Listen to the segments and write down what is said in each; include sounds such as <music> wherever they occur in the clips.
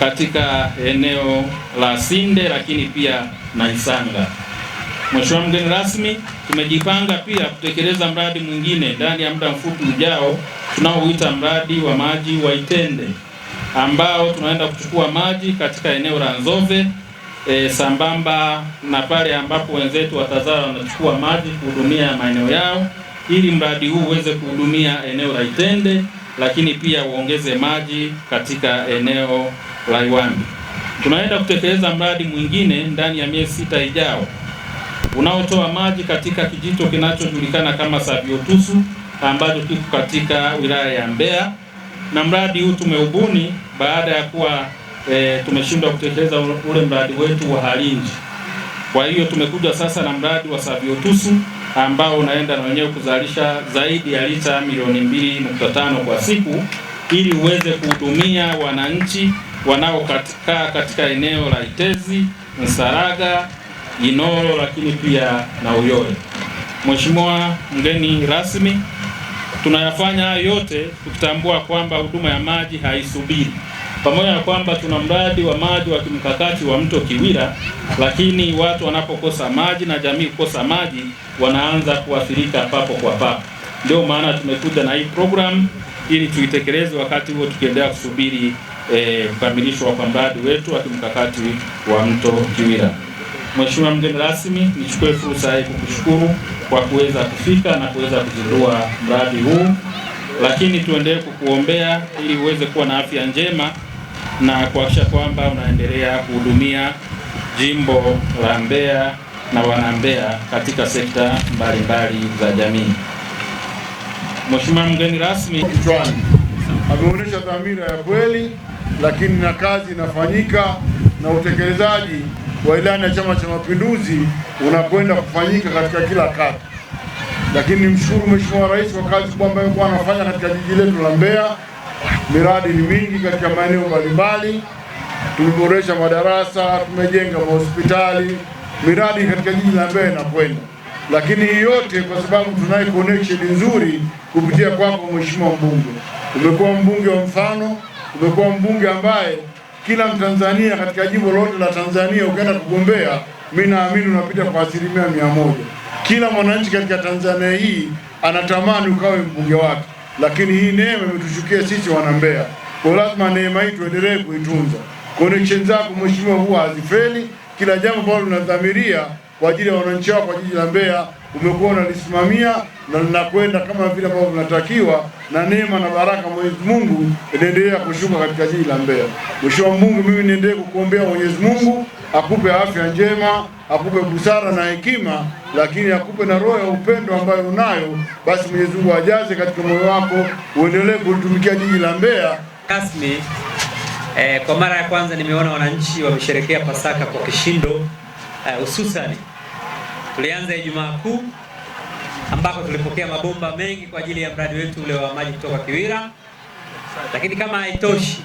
katika eneo la Sinde lakini pia na Isanga. Mheshimiwa mgeni rasmi, tumejipanga pia kutekeleza mradi mwingine ndani ya muda mfupi ujao tunaoita mradi wa maji wa Itende ambao tunaenda kuchukua maji katika eneo la Nzove e, sambamba na pale ambapo wenzetu wa Tazara wanachukua maji kuhudumia maeneo yao, ili mradi huu uweze kuhudumia eneo la Itende, lakini pia uongeze maji katika eneo Laiwambi. Tunaenda kutekeleza mradi mwingine ndani ya miezi sita ijao unaotoa maji katika kijito kinachojulikana kama Sabiotusu ambacho kiko katika wilaya ya Mbeya, na mradi huu tumeubuni baada ya kuwa e, tumeshindwa kutekeleza ule mradi wetu wa Halinji. Kwa hiyo tumekuja sasa na mradi wa Sabiotusu ambao unaenda na wenyewe kuzalisha zaidi ya lita milioni 2.5 kwa siku ili uweze kuhudumia wananchi wanaokaa katika eneo la Itezi, nsaraga Inoro, lakini pia na Uyole. Mheshimiwa mgeni rasmi, tunayafanya hayo yote tukitambua kwamba huduma ya maji haisubiri. Pamoja na kwamba tuna mradi wa maji wa kimkakati wa mto Kiwira, lakini watu wanapokosa maji na jamii kukosa maji wanaanza kuathirika papo kwa papo. Ndio maana tumekuja na hii program ili tuitekeleze, wakati huo tukiendelea kusubiri E, mkamilisho kwa wa mradi wetu wa kimkakati wa mto Kiwira. Mheshimiwa mgeni rasmi, nichukue fursa hii kukushukuru kwa kuweza kufika na kuweza kuzindua mradi huu, lakini tuendelee kukuombea ili uweze kuwa na afya njema na kuhakikisha kwamba unaendelea kuhudumia jimbo la Mbeya na wanambea katika sekta mbalimbali za jamii. Mheshimiwa mgeni rasmi, ameonyesha dhamira ya kweli lakini na kazi inafanyika na utekelezaji wa ilani ya Chama cha Mapinduzi unakwenda kufanyika katika kila kata. Lakini nimshukuru Mheshimiwa Rais kwa kazi kubwa ambayo kwa anafanya katika jiji letu la Mbeya. Miradi ni mingi katika maeneo mbalimbali, tumeboresha madarasa, tumejenga mahospitali, miradi katika jiji la Mbeya inakwenda lakini hii yote kwa sababu tunaye connection nzuri kupitia kwako Mheshimiwa mbunge. Umekuwa mbunge wa mfano umekuwa mbunge ambaye kila Mtanzania katika jimbo lote la Tanzania ukienda kugombea, mi naamini unapita kwa asilimia mia moja. Kila mwananchi katika Tanzania hii anatamani ukawe mbunge wake, lakini hii neema imetushukia sisi wana Mbeya, kwa lazima neema hii tuendelee kuitunza. Connection zako mheshimiwa, huwa hazifeli, kila jambo ambalo unadhamiria kwa ajili ya wananchi wako kwa jiji la Mbeya umekuwa unalisimamia na linakwenda kama vile ambavyo vinatakiwa, na neema na baraka Mwenyezi Mungu inaendelea kushuka katika jiji la Mbeya. Mheshimiwa Mungu, mimi niendelee kukuombea Mwenyezi Mungu akupe afya njema, akupe busara na hekima, lakini akupe na roho ya upendo ambayo unayo. Basi Mwenyezi Mungu ajaze katika moyo wako, uendelee kulitumikia jiji la Mbeya rasmi. Eh, kwa mara ya kwanza nimeona wananchi wamesherekea Pasaka kwa kishindo eh, hususani eh, Tulianza Ijumaa Kuu ambako tulipokea mabomba mengi kwa ajili ya mradi wetu ule wa maji kutoka Kiwira, lakini kama haitoshi,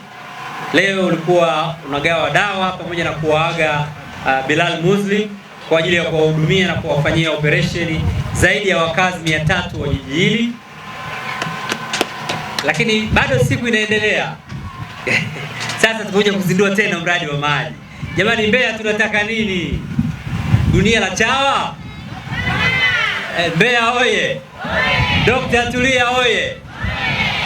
leo ulikuwa unagawa dawa pamoja na kuwaaga uh, Bilal Muslim kwa ajili ya kuwahudumia na kuwafanyia operesheni zaidi ya wakazi mia tatu wa jiji hili, lakini bado siku inaendelea. <laughs> Sasa tumekuja kuzindua tena mradi wa maji. Jamani, Mbeya tunataka nini? Gunia la chawa eh, Mbeya oye! Dokta Tulia oye!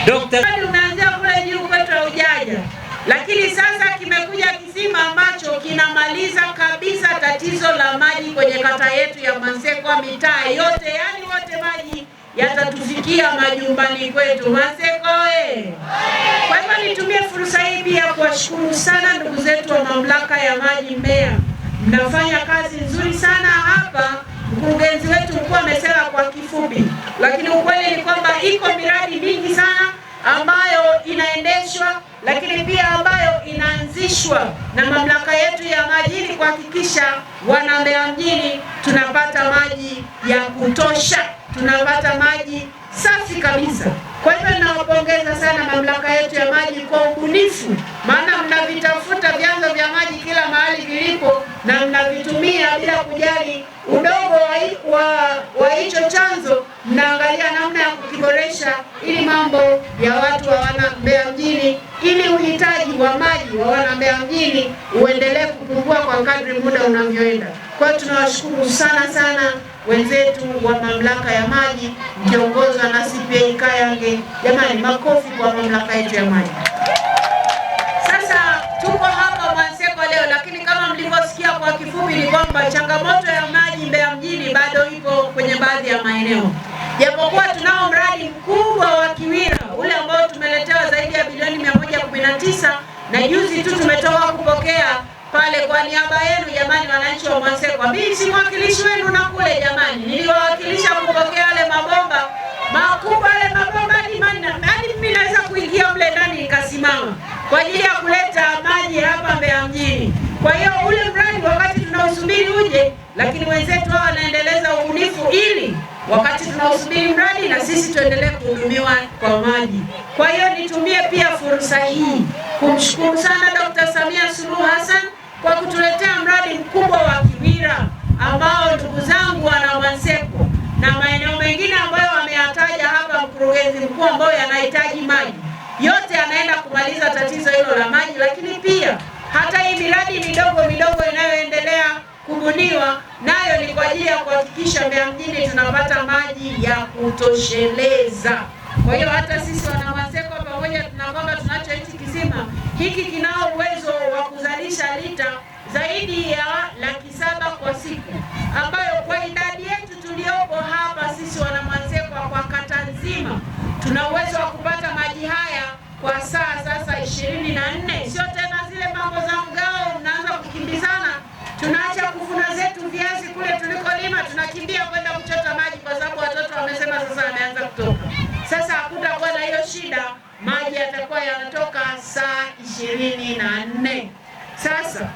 Dokta unaanzia kule juu kwetu ujaja, lakini sasa kimekuja kisima ambacho kinamaliza kabisa tatizo la maji kwenye kata yetu ya Masekwa, mitaa yote, yani wote maji yatatufikia majumbani kwetu. Masekwa oye! Kwa hivyo nitumie fursa hii pia kuwashukuru sana ndugu zetu wa mamlaka ya maji Mbeya mnafanya kazi nzuri sana hapa. Mkurugenzi wetu mkuu amesema kwa kifupi, lakini ukweli ni kwamba iko miradi mingi sana ambayo inaendeshwa lakini pia ambayo inaanzishwa na mamlaka yetu ya maji ili kuhakikisha wana Mbeya mjini tunapata maji ya kutosha, tunapata maji safi kabisa. Kwa hivyo ninawapongeza sana mamlaka yetu ya maji kwa ubunifu maana ya kujali udogo wa hicho wa chanzo, mnaangalia namna ya kukiboresha ili mambo ya watu wa wana Mbeya mjini, ili uhitaji wa maji wa wana Mbeya mjini uendelee kupungua kwa kadri muda unavyoenda. Kwa hiyo tunawashukuru sana sana wenzetu wa mamlaka ya maji mkiongozwa na CPA Kayange. Jamani, makofi kwa mamlaka yetu ya maji. kifupi ni kwamba changamoto ya maji Mbeya mjini bado ipo kwenye baadhi ya maeneo, japokuwa tunao mradi mkubwa wa Kiwira ule ambao tumeletewa zaidi ya bilioni 119 na juzi tu tumetoka kupokea pale kwa niaba yenu jamani, wananchi wa Mwansekwa, mimi si mwakilishi wenu na kule jamani, niliwawakilisha kupokea yale mabomba makubwa, yale mabomba hadi yaani mimi naweza kuingia mle ndani nikasimama kwa ajili ya kuleta maji hapa Mbeya mjini. Kwa hiyo ule lakini wenzetu hao wanaendeleza ubunifu ili wakati tunausubiri mradi na sisi tuendelee kuhudumiwa kwa maji. Kwa hiyo nitumie pia fursa hii kumshukuru sana Dr. Samia Suluhu Hassan kwa kutuletea mradi mkubwa wa Kiwira ambao ndugu zangu wana Mwanseko na maeneo mengine ambayo wameyataja hapa mkurugenzi mkuu, ambayo yanahitaji maji yote yanaenda kumaliza tatizo hilo la maji, lakini pia hata hii miradi midogo midogo inayoendelea kubuniwa, nayo ni kwa ajili ya kuhakikisha Mbeya mjini tunapata maji ya kutosheleza. Kwa hiyo hata sisi wana Maseko pamoja tuna kwamba tunacho hichi kisima hiki kinao uwezo wa kuzalisha lita zaidi ya laki saba kwa siku, ambayo kwa idadi yetu tuliopo hapa sisi wana Maseko kwa kata nzima tuna uwezo wa kupata maji haya kwa saa sasa ishirini ishirini na nne. Sasa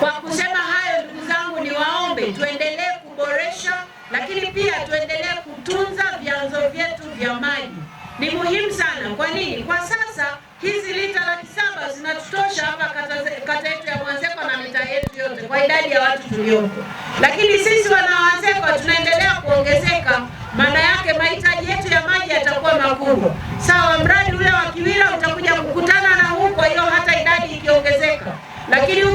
kwa kusema hayo, ndugu zangu, niwaombe tuendelee kuboresha, lakini pia tuendelee kutunza vyanzo vyetu vya maji. Ni muhimu sana. Kwa nini? Kwa sasa hizi lita laki saba zinatutosha hapa kata, kata yetu ya Mwanzekwa na mitaa yetu yote kwa idadi ya watu tuliopo, lakini sisi wanawanzekwa tunaendelea kuongezeka, maana yake mahitaji yetu ya maji yatakuwa makubwa. Sawa, mradi ule wa Kiwira utakuja kukuta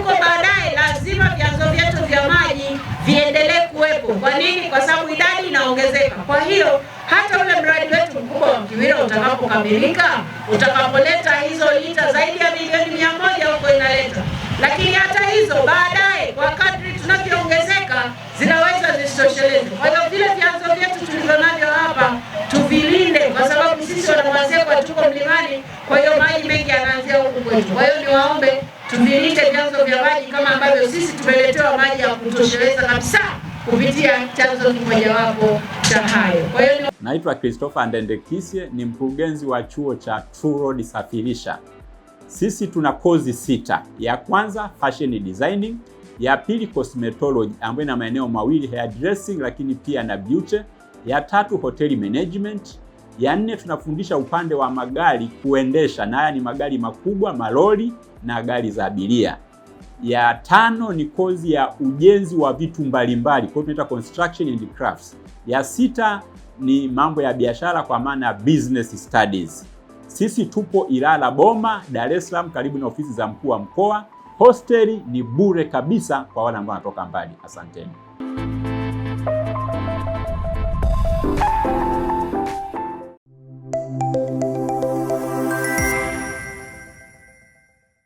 huko baadaye, lazima vyanzo vyetu vya maji viendelee kuwepo. Kwa nini? Kwa sababu idadi inaongezeka. Kwa hiyo hata ule mradi wetu mkubwa wa Mkiwira utakapokamilika, utakapoleta hizo lita zaidi ya milioni mia moja huko inaleta, lakini hata hizo baadaye, kwa kadri tunavyoongezeka, zinaweza zisitosheleze. Kwa hiyo vile vyanzo vyetu tulivyonavyo hapa tuvilinde, kwa sababu sisi kwa tuko mlimani, kwa hiyo maji mengi yanaanzia huku kwetu. Kwa hiyo niwaombe tuvilinde vyanzo vya maji kama ambavyo sisi tumeletewa maji ya kutosheleza kabisa kupitia chanzo kimojawapo cha hayo. Kwa hiyo naitwa Christopher Ndendekisye, ni mkurugenzi wa chuo cha True Road Safirisha. Sisi tuna kozi sita. Ya kwanza fashion designing, ya pili cosmetology ambayo ina maeneo mawili hairdressing, lakini pia na beauty. Ya tatu hoteli management ya yaani, nne tunafundisha upande wa magari kuendesha, na haya ni magari makubwa, malori na gari za abiria. Ya tano ni kozi ya ujenzi wa vitu mbalimbali, kwa hiyo tunaita construction and crafts. Ya sita ni mambo ya biashara kwa maana business studies. Sisi tupo Ilala Boma, Dar es Salaam, karibu na ofisi za mkuu wa mkoa. Hosteli ni bure kabisa kwa wale ambao wanatoka mbali. Asanteni.